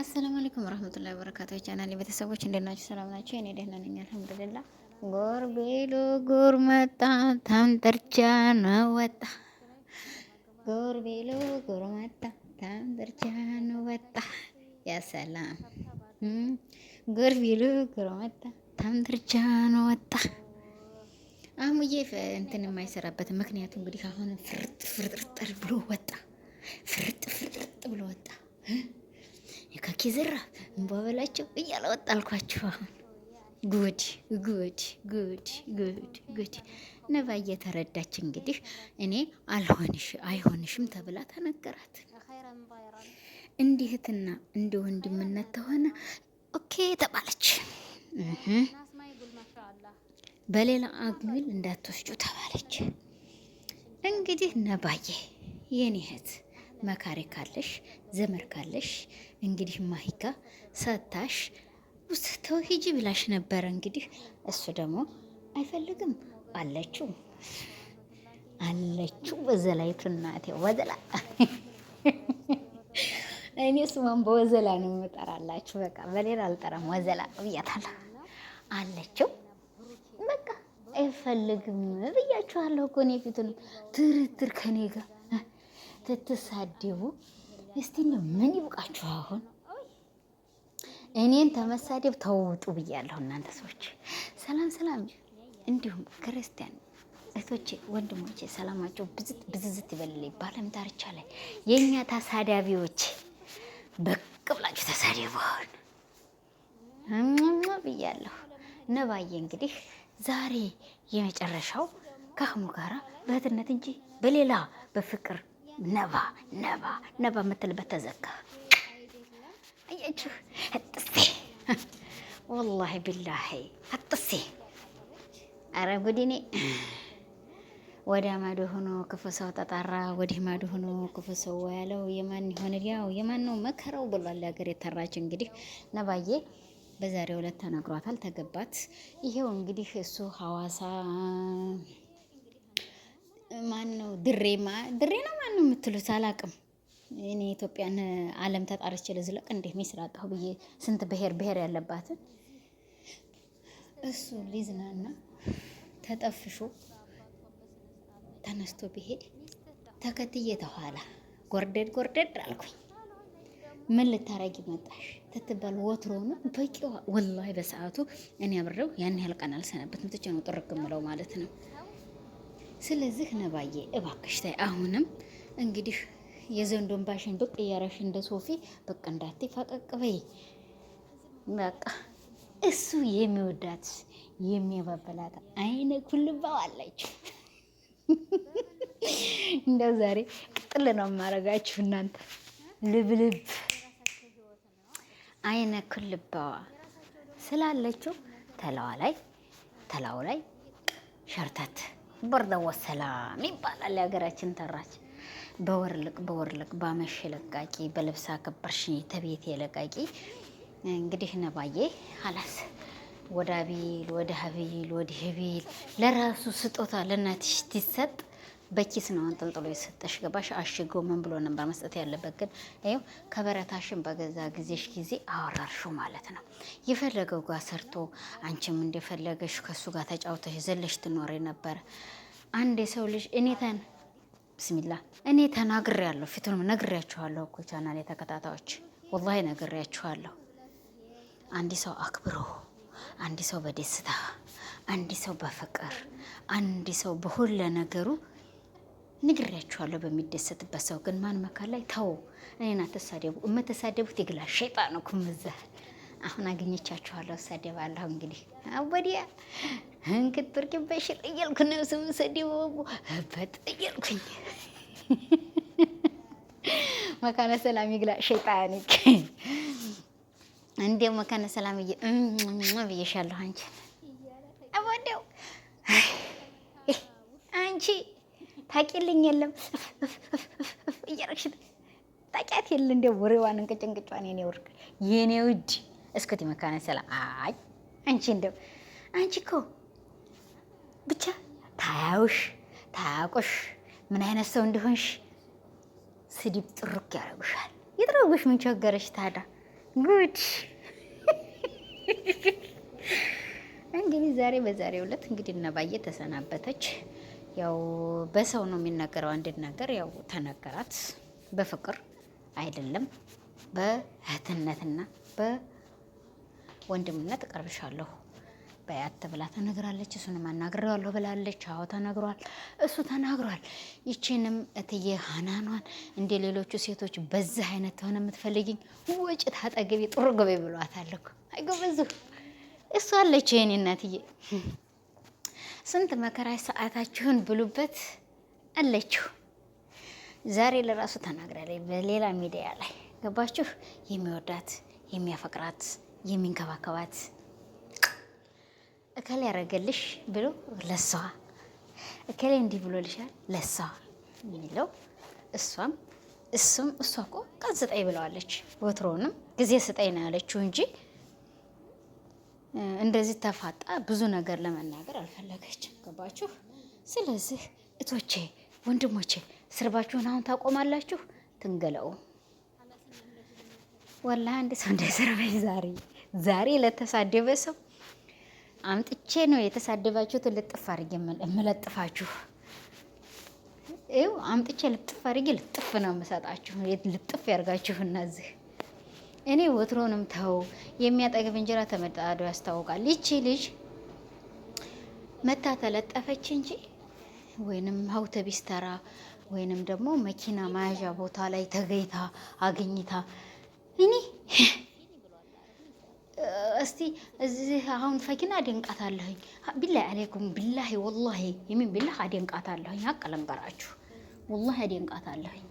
አሰላሙ አለይኩም ወራህመቱላሂ ወበረካቱሁ። ቻናል ቤተሰቦች እንዴት ናችሁ? ሰላም ናችሁ? እኔ ደህና ነኝ አልሐምዱሊላህ። ጎር ቤሎ ጎር መጣ ታምጠርቻ ነው ወጣ ጎር ቤሎ ጎር መጣ ታምጠርቻ ነው ወጣ ያ ሰላም ጎር ቤሎ ጎር መጣ ታምጠርቻ ነው ወጣ አሙዬ እንትን የማይሰራበት ምክንያቱ እንግዲህ አሁን ፍርጥ ፍርጥ ብሎ ወጣ፣ ፍርጥ ፍርጥ ብሎ ወጣ ኪዝራ እንቧበላቸው እያለ ወጣልኳችሁ። አሁን ጉድ ጉድ ጉድ ጉድ ጉድ ነባ እየተረዳች እንግዲህ እኔ አልሆንሽ አይሆንሽም ተብላ ተነገራት። እንዲህትና እንደ ወንድምነት ተሆነ ኦኬ ተባለች። በሌላ አግሚል እንዳትወስጩ ተባለች። እንግዲህ ነባዬ የኔ እህት መካሪ ካለሽ ዘመር ካለሽ እንግዲህ ማሂጋ ሰታሽ ውስጥ ተውሂጂ ብላሽ ነበረ። እንግዲህ እሱ ደግሞ አይፈልግም አለችው አለችው ወዘላይቱ እናቴ ወዘላ እኔ ስማን በወዘላ ነው የምጠራላችሁ። በቃ በሌላ አልጠራም። ወዘላ ብያታለሁ አለችው። በቃ አይፈልግም ብያችኋለሁ እኮ እኔ ፊቱን ትርትር ከኔ ጋር ስትሳደቡ እስቲ ምን ይብቃችሁ አሁን እኔን ተመሳደብ ተውጡ ብያለሁ። እናንተ ሰዎች ሰላም ሰላም፣ እንዲሁም ክርስቲያን እህቶቼ ወንድሞቼ ሰላማቸው ብዝዝት ይበልልኝ። በዓለም ዳርቻ ላይ የእኛ ታሳዳቢዎች በቅ ብላችሁ ተሳደቡ አሁን ብያለሁ። ነባዬ እንግዲህ ዛሬ የመጨረሻው ከአህሙ ጋራ በእህትነት እንጂ በሌላ በፍቅር ነባ ነባ ነባ የምትልበት ተዘጋ። አያችሁ ጥሴ ወላሂ ቢላሂ አጥሴ አረ ጉዲኔ ወደ ማዶ ሆኖ ክፉ ሰው ተጣራ፣ ወዲህ ማዶ ሆኖ ክፉ ሰው ያለው የማን ይሆን ያው የማን ነው መከረው ብሏል። ሀገር የተራች እንግዲህ ነባዬ በዛሬው ዕለት ተነግሯታል፣ ተገባት። ይሄው እንግዲህ እሱ ሀዋሳ ማን ነው ድሬ ድሬ ነው ማን ነው የምትሉት? አላቅም እኔ ኢትዮጵያን ዓለም ተጣርቼ ልዝለቅ እንዴ ሚስራጣሁ ብዬ ስንት ብሄር ብሄር ያለባትን እሱ ሊዝናና ተጠፍሾ ተነስቶ ቢሄድ ተከትዬ ተኋላ ጎርደድ ጎርደድ አልኩኝ። ምን ልታረጊ መጣሽ ትትበል ወትሮ ነው በቂ ወላሂ በሰዓቱ እኔ አብሬው ያን ያህል ቀን አልሰነበት ምትቼ ነው ጥርግ ምለው ማለት ነው። ስለዚህ ነባዬ እባክሽ አሁንም እንግዲህ የዘንዶን ባሽን ብቅ እያረሽ እንደ ሶፊ ብቅ እንዳት ፈቀቅ በይ። በቃ እሱ የሚወዳት የሚያባበላት አይነ ኩልባው አላችሁ። እንደው ዛሬ ቅጥል ነው የማረጋችሁ እናንተ ልብልብ አይነ ኩልባዋ ስላለችው ተላዋ ላይ ተላው ላይ ሸርተት በርዳ ወሰላም ይባላል የሀገራችን ተራች። በወርልቅ በወርልቅ ባመሽ ለቃቂ በልብሳ ከበርሽ ተቤት የለቃቂ እንግዲህ ነባዬ ሀላስ ወዳቢል ወደ ሀቢል ወደ ህቢል ለራሱ ስጦታ ለእናትሽ ትሰጥ በኪስ ነው አንጠልጥሎ የሰጠሽ ገባሽ። አሽጎ ምን ብሎ ነበር መስጠት ያለበት ግን ይኸው ከበረታሽን በገዛ ጊዜሽ ጊዜ አወራርሹ ማለት ነው። የፈለገው ጋር ሰርቶ አንቺም እንደፈለገሽ ከሱ ጋር ተጫውተሽ ዘለሽ ትኖር ነበር አንድ የሰው ልጅ እኔተን ብስሚላ እኔ ያለሁ ፊቱን ነግሬያችኋለሁ እኮ ቻናል የተከታታዮች ወላሂ ነግሬያችኋለሁ። አንድ ሰው አክብሮ አንድ ሰው በደስታ አንድ ሰው በፍቅር አንድ ሰው በሁለ ነገሩ ንግሬያችኋለሁ። በሚደሰትበት ሰው ግን ማን መካ ላይ ተው፣ እኔን አትሳደቡ። የምትሳደቡት የግላ ሸይጣን ነው። መዛል። አሁን አገኘቻችኋለሁ፣ ሰደባለሁ። እንግዲህ አወዲያ እንክትርቅ በሽር እያልኩ ነው ስም ሰደበቡ በጥ እያልኩኝ መካነ ሰላም ይግላ ሸይጣን እንዴው መካነ ሰላም እየ ብዬሻለሁ አንቺን ወደው አንቺ ታቂልኝ የለም እየረግሽ ታቂያት የለ እንደ ወሬዋን እንቅጭ እንቅጫን የኔ ወርቅ የኔ ውድ እስኩቲ መካነ ሰላም። አይ አንቺ እንደው አንቺ እኮ ብቻ ታያውሽ ታያውቁሽ ምን አይነት ሰው እንደሆንሽ ስድብ ጥሩክ ያደርጉሻል። የጥረጉሽ ምን ቸገረሽ ታዲያ? ጉድ እንግዲህ ዛሬ በዛሬው ዕለት እንግዲህ እነባዬ ተሰናበተች። ያው በሰው ነው የሚነገረው። አንድን ነገር ያው ተነገራት በፍቅር አይደለም በእህትነትና በወንድምነት ቀርብሻለሁ በያት ብላ ተነግራለች። እሱንም አናግሬዋለሁ ብላለች። አዎ ተነግሯል፣ እሱ ተናግሯል። ይቺንም እትዬ ሀናኗን እንደ ሌሎቹ ሴቶች በዚህ አይነት ተሆነ የምትፈልጊኝ ወጭ ታጠገቢ ጥሩ ግቤ ብሏታል እኮ አይገበዙ እሱ አለች ይህኔ እናትዬ ስንት መከራ ሰዓታችሁን ብሉበት አለችሁ። ዛሬ ለራሱ ተናግራለች በሌላ ሚዲያ ላይ ገባችሁ። የሚወዳት የሚያፈቅራት የሚንከባከባት እከሌ ያደረገልሽ ብሎ ለሰዋ እከሌ እንዲህ ብሎልሻል ለሰዋ የሚለው እሷም እሱም እሷ እኮ ቀን ስጠኝ ብለዋለች። ወትሮውንም ጊዜ ስጠኝ ነው ያለችው እንጂ እንደዚህ ተፋጣ ብዙ ነገር ለመናገር አልፈለገችም። ገባችሁ? ስለዚህ እቶቼ ወንድሞቼ ስርባችሁን አሁን ታቆማላችሁ። ትንገለው ወላ አንድ ሰው እንዳይሰርበኝ ዛሬ ዛሬ ለተሳደበ ሰው አምጥቼ ነው የተሳደባችሁትን ልጥፍ አድርጌ የምለጥፋችሁ። ይኸው አምጥቼ ልጥፍ አድርጌ ልጥፍ ነው የምሰጣችሁ። ልጥፍ ያርጋችሁ እና እኔ ወትሮንም ተው የሚያጠግብ እንጀራ ተመጣዶ ያስታውቃል። ይቺ ልጅ መታ ተለጠፈች እንጂ ወይንም አውቶቢስ ተራ ወይንም ደግሞ መኪና መያዣ ቦታ ላይ ተገኝታ አግኝታ እኔ እስቲ እዚህ አሁን ፈኪና አደንቃት አለሁኝ። ቢላሂ አሌይኩም ብላ ወላ የሚን ብላ አደንቃት አለሁኝ። አቀለንገራችሁ ወላ አደንቃት አለሁኝ።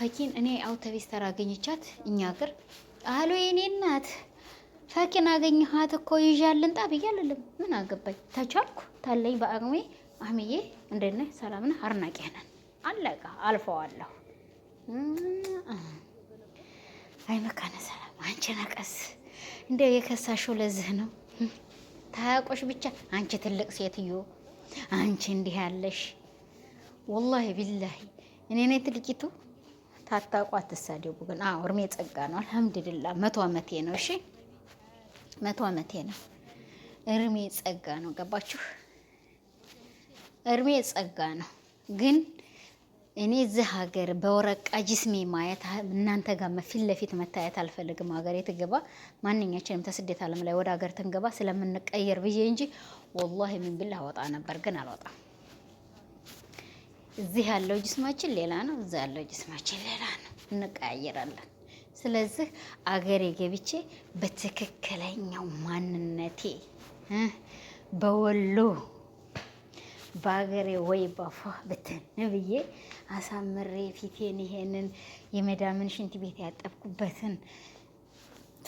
ፈኪን እኔ አውቶቢስ አውቶቢስተር አገኘቻት እኛ ሀገር አሉ የኔ እናት ፈኪን አገኘኋት እኮ ይዣልን ጣ ብዬ አልልም። ምን አገባኝ ተቻልኩ ታለኝ በአቅሜ አህምዬ እንደነ ሰላምና አርናቂ ነን። አለቃ አልፈዋለሁ። አይ መካነ ሰላም አንቺ ነቀስ እንደው የከሳሽው ለዚህ ነው ታያቆሽ ብቻ አንቺ ትልቅ ሴትዮ አንቺ እንዲህ ያለሽ ወላሂ ቢላሂ እኔ ነኝ ትልቂቱ። ታታቋ አትሳደቡ ግን። አዎ እርሜ ጸጋ ነው። አልሐምዱሊላ መቶ አመቴ ነው። እሺ መቶ አመቴ ነው። እርሜ ጸጋ ነው። ገባችሁ? እርሜ ጸጋ ነው። ግን እኔ እዚህ ሀገር በወረቃ ጅስሜ ማየት እናንተ ጋር ፊት ለፊት መታየት አልፈልግም። ሀገሬ ትገባ ማንኛችንም ተስደት አለም ላይ ወደ ሀገር ትንገባ ስለምንቀየር ብዬ እንጂ ወላሂ ምን ቢላ አወጣ ነበር ግን አልወጣም። እዚህ ያለው ጅስማችን ሌላ ነው፣ እዚህ ያለው ጅስማችን ሌላ ነው። እንቀያየራለን። ስለዚህ አገሬ ገብቼ በትክክለኛው ማንነቴ በወሎ በአገሬ ወይ ባፏ ብትን ብዬ አሳምሬ ፊቴን ይሄንን የመዳምን ሽንት ቤት ያጠብኩበትን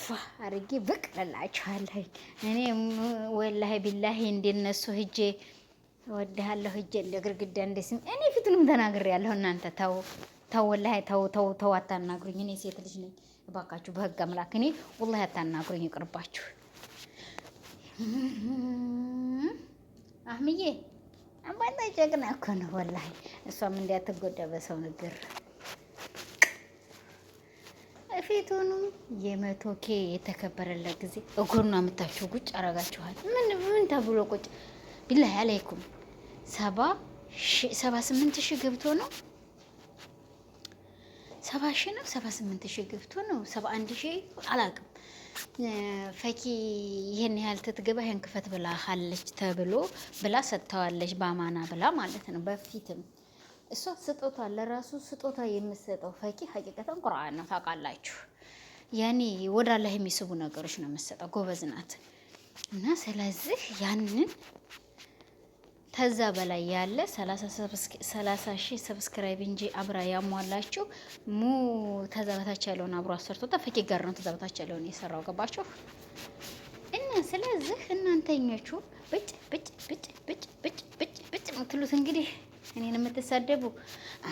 ፋ አድርጌ ብቅ ልላችኋለሁ። እኔ ወላሂ ቢላሂ እንደነሱ ህጄ እወድሃለሁ እጄ እንደ ግርግዳ እንደ ስም እኔ ፊቱንም ተናግሬያለሁ። እናንተ ተው ተው፣ ወላሂ ተው ተው ተው፣ አታናግሩኝ። እኔ ሴት ልጅ ነኝ፣ እባካችሁ በህግ አምላክ፣ እኔ ወላሂ አታናግሩኝ፣ ይቅርባችሁ። አህምዬ አባታ ጨቅና እኮ ነው ወላሂ፣ እሷም እንዳትጎዳ በሰው ንግር ፊቱኑ የመቶ ኬ የተከበረለት ጊዜ እጎኗ የምታችሁ ቁጭ አረጋችኋል። ምን ምን ተብሎ ቁጭ ቢላህ አለይኩም ሰባ ሰባ ስምንት ሺህ ገብቶ ነው ሰባ ሺህ ነው ሰባ ስምንት ሺህ ገብቶ ነው ሰባ አንድ ሺህ አላውቅም። ፈኪ ይህን ያህል ትትገባ ይህን ክፈት ብላ ካለች ተብሎ ብላ ሰጥተዋለች፣ በአማና ብላ ማለት ነው። በፊትም እሷ ስጦታ ለራሱ ስጦታ የምትሰጠው ፈኪ ሀቂቀተን ቁርአን ነው ታውቃላችሁ። ያኔ ወደ አላህ የሚስቡ ነገሮች ነው የምትሰጠው። ጎበዝ ናት እና ስለዚህ ያንን ተዛ በላይ ያለ 30 ሺ ሰብስክራይብ እንጂ አብራ ያሟላችሁ ሙ ተዛ በታች ያለውን አብሮ አሰርቶ ተፈቂ ጋር ነው ተዛ በታች ያለውን የሰራው ገባችሁ እና ስለዚህ እናንተኞቹ ብጭ ብጭ ብጭ ብጭ ብጭ ብጭ ብጭ የምትሉት እንግዲህ እኔን የምትሳደቡ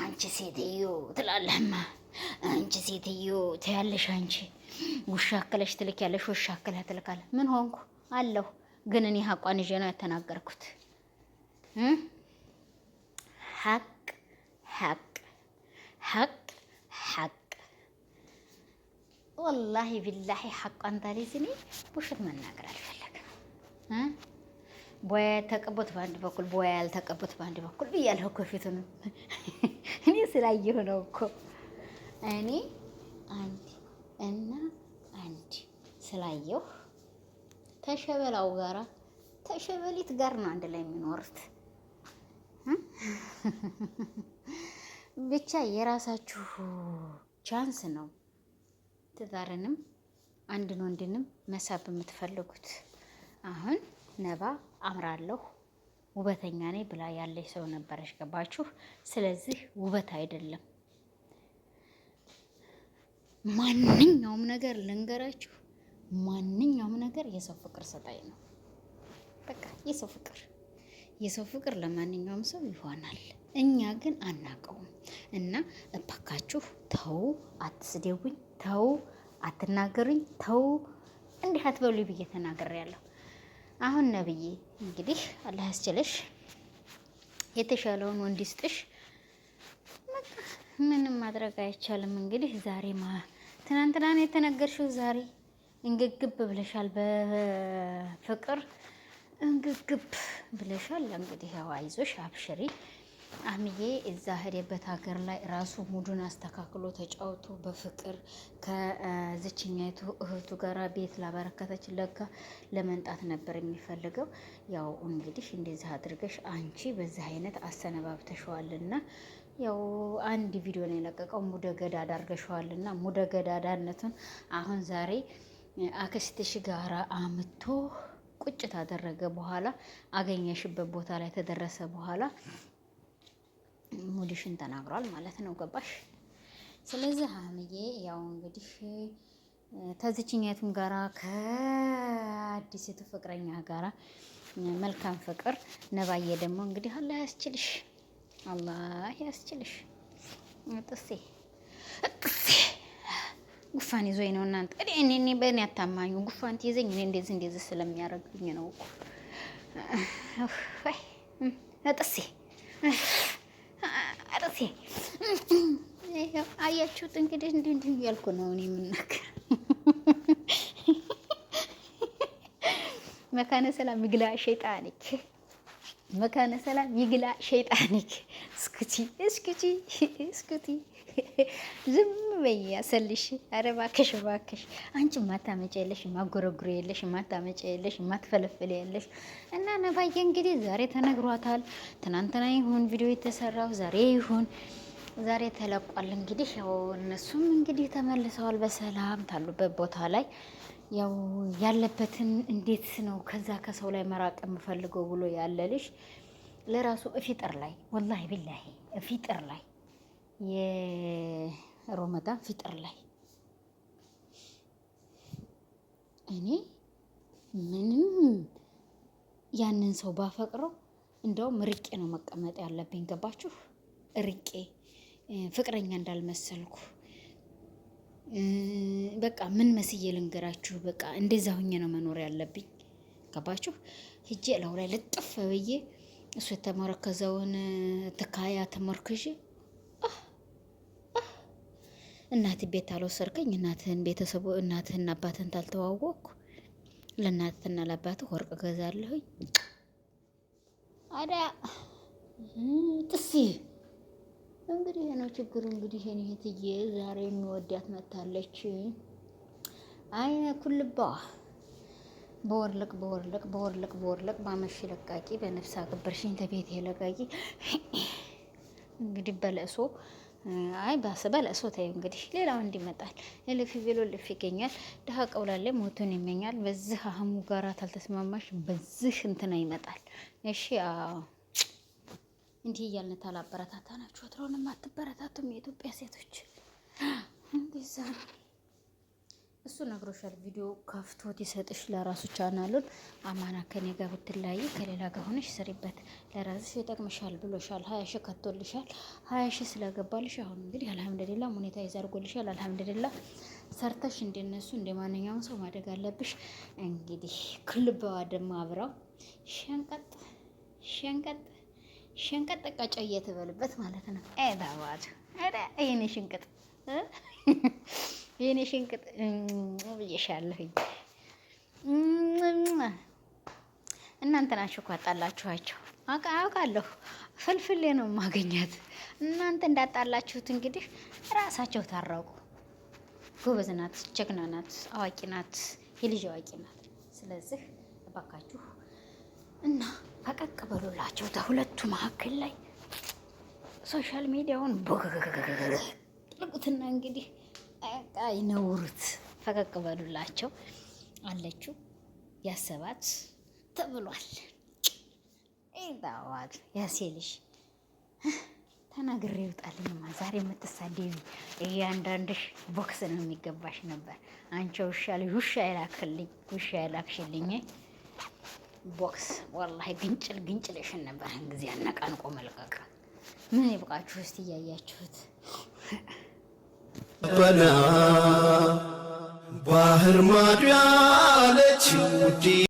አንቺ ሴትዮ ትላለህማ አንቺ ሴትዮ ትያለሽ አንቺ ውሻ አክለሽ ትልክ ያለሽ ውሻ አክለህ ትልካለህ ምን ሆንኩ አለሁ ግን እኔ ሀቋን ይዤ ነው ያተናገርኩት። ሐቅ ሐቅ ሐቅ ሐቅ ወላሂ ቢላሂ ሐቋን ታዲያ እኔ ውሸት መናገር አልፈለግም። ቦያ ያልተቀቡት በአንድ በኩል ቦያ ያልተቀቡት በአንድ በኩል ብያለሁ እኮ ፊቱን እኔ ስላየሁ ነው እኮ እኔ አንድ እና አንድ ስላየሁ ተሸበላው ጋራ ተሸበሊት ጋር ነው አንድ ላይ የሚኖሩት። ብቻ የራሳችሁ ቻንስ ነው። ትዳርንም አንድን ወንድንም መሳብ የምትፈልጉት አሁን ነባ አምራለሁ ውበተኛ ነኝ ብላ ያለች ሰው ነበረች። ገባችሁ? ስለዚህ ውበት አይደለም ማንኛውም ነገር ልንገራችሁ፣ ማንኛውም ነገር የሰው ፍቅር ሰጣይ ነው። በቃ የሰው ፍቅር የሰው ፍቅር ለማንኛውም ሰው ይሆናል። እኛ ግን አናቀውም እና እባካችሁ ተው፣ አትስደውኝ፣ ተው፣ አትናገሩኝ፣ ተው እንዲህ አትበሉ ብዬ ያለሁ አሁን ነብዬ እንግዲህ አላህ ያስችለሽ የተሻለውን ወንድ ይስጥሽ። ምንም ማድረግ አይቻልም። እንግዲህ ዛሬ ማ ትናንትና ነው የተነገርሽው፣ ዛሬ እንግግብ ብለሻል በፍቅር እንግግብ ብለሻል። እንግዲህ ያው አይዞሽ አብሽሪ አምዬ እዛ ሄደበት ሀገር ላይ ራሱ ሙዱን አስተካክሎ ተጫውቶ በፍቅር ከዝችኛይቱ እህቱ ጋር ቤት ላበረከተች ለጋ ለመንጣት ነበር የሚፈልገው። ያው እንግዲህ እንደዚህ አድርገሽ አንቺ በዚህ አይነት አሰነባብተሸዋልና ያው አንድ ቪዲዮ ነው የለቀቀው ሙደ አድርገሸዋልና ሙደ ሙደገዳዳነቱን አሁን ዛሬ አክስትሽ ጋራ አምቶ ቁጭ ታደረገ በኋላ አገኘሽበት ቦታ ላይ ተደረሰ በኋላ ሙድሽን ተናግሯል ማለት ነው። ገባሽ? ስለዚህ አህምዬ ያው እንግዲህ ተዝችኛቱም ጋራ ከአዲስ ፍቅረኛ ጋራ መልካም ፍቅር። ነባዬ ደግሞ እንግዲህ አላህ ያስችልሽ፣ አላህ ያስችልሽ ጥሴ ጉፋን ይዞኝ ነው። እናንተ እኔ እኔ በእኔ አታማኙ። ጉፋን ትይዘኝ እኔ እንደዚህ እንደዚህ ስለሚያደርግኝ ነው እኮ እጥሴ እጥሴ። አያችሁት እንግዲህ እንዲህ እንዲህ እያልኩ ነው እኔ የምናገር። መካነ ሰላም ይግላ ሸይጣንክ፣ መካነ ሰላም ይግላ ሸይጣንክ። እስኩቲ እስኩቲ እስኩቲ ዝም በይ አሰልሽ። ኧረ እባክሽ እባክሽ፣ አንቺ ማታመጫ የለሽ፣ ማጎረጉር የለሽ፣ ማታመጫ የለሽ፣ ማትፈለፍል የለሽ። እና ነባዬ እንግዲህ ዛሬ ተነግሯታል። ትናንትና ይሁን ቪዲዮ የተሰራው ዛሬ ይሁን ዛሬ ተለቋል። እንግዲህ ያው እነሱም እንግዲህ ተመልሰዋል በሰላም ታሉበት ቦታ ላይ ያው ያለበትን እንዴት ነው ከዛ ከሰው ላይ መራቅ የምፈልገው ብሎ ያለልሽ ለራሱ እፊጥር ላይ ወላሂ ቢላሂ እፊጥር ላይ የሮመዳን ፍጥር ላይ እኔ ምንም ያንን ሰው ባፈቅረው እንደውም ርቄ ነው መቀመጥ ያለብኝ። ገባችሁ? ርቄ ፍቅረኛ እንዳልመሰልኩ በቃ ምን መስዬ ልንገራችሁ? በቃ እንደዛ ሁኜ ነው መኖር ያለብኝ። ገባችሁ? ሂጄ ላው ላይ ልጥፍ ብዬ እሱ የተመረከዘውን ትካያ ተመርክዤ እናት ቤት አልወሰድከኝ፣ እናትህን ቤተሰቡ እናትህን አባትህን ታልተዋወቅኩ ለእናትህና ለአባትህ ወርቅ ገዛለሁኝ። አዳ ጥሲ እንግዲህ ነው ችግሩ። እንግዲህ እኔ ይሄትዬ ዛሬ የሚወዳት መታለች። አይነ ኩልባ በወርልቅ በወርልቅ በወርልቅ በወርልቅ ባመሽ ለቃቂ በነፍስ አክብርሽኝ ተቤት የለቃቂ እንግዲህ በለእሶ አይ ባሰበ ለእሶ ታዩ እንግዲህ ሌላ ወንድ ይመጣል። እልፍ ቢሎ እልፍ ይገኛል። ድሀ ቀውላለ ሞቱን ይመኛል። በዚህ አህሙ ጋራ ታልተስማማሽ በዚህ እንትና ይመጣል። እሺ እንዲህ እያልን ታላበረታታ ናችሁ። ወትሮንም አትበረታቱም የኢትዮጵያ ሴቶች እንደዛ ነው። እሱ ነግሮሻል። ቪዲዮ ከፍቶት ይሰጥሽ ለራሱ ቻናሉን አማና ከኔ ጋር ብትለያይ ከሌላ ጋር ሆነሽ ስሪበት ለራስሽ ይጠቅምሻል ብሎሻል። ሀያ ሺ ከቶልሻል። ሀያ ሺ ስለገባልሽ አሁን እንግዲህ አልሐምድሊላ ሁኔታ ይዛርጎልሻል። አልሐምድሊላ ሰርተሽ እንደነሱ እንደ ማንኛውም ሰው ማደግ አለብሽ። እንግዲህ ክልበዋ ደግሞ አብራው ሸንቀጥ ሸንቀጥ ሸንቀጥ ቀጫ እየተበልበት ማለት ነው። ኤዳዋድ ኤዳ ይህኔ ሽንቅጥ የኔ ሽንቅጥ ብዬሻለሁኝ። እናንተ ናችሁ እኮ አጣላችኋቸው። አውቃለሁ፣ ፍልፍሌ ነው ማገኛት። እናንተ እንዳጣላችሁት እንግዲህ ራሳቸው ታረቁ። ጎበዝ ናት፣ ጀግና ናት፣ አዋቂ ናት፣ የልጅ አዋቂ ናት። ስለዚህ እባካችሁ እና ፈቀቅ በሉላቸው። ተሁለቱ መካከል ላይ ሶሻል ሚዲያውን አጥልቁትና እንግዲህ አይነውሩት ፈቀቅ በሉላቸው አለችው። ያሰባት ተብሏል። ይዛዋል ያሴልሽ ተናግሬ ይውጣልኝማ ዛሬ የምትሳደቢ እያንዳንድሽ ቦክስ ነው የሚገባሽ ነበር። አንቺ ውሻ ልጅ ውሻ ይላክልኝ ውሻ ይላክሽልኝ ቦክስ ወላሂ ግንጭል ግንጭልሽን ነበር ጊዜ አነቃንቆ መልቀቅ ምን ይብቃችሁ እስቲ እያያችሁት በና ባህር ማዶ ያለች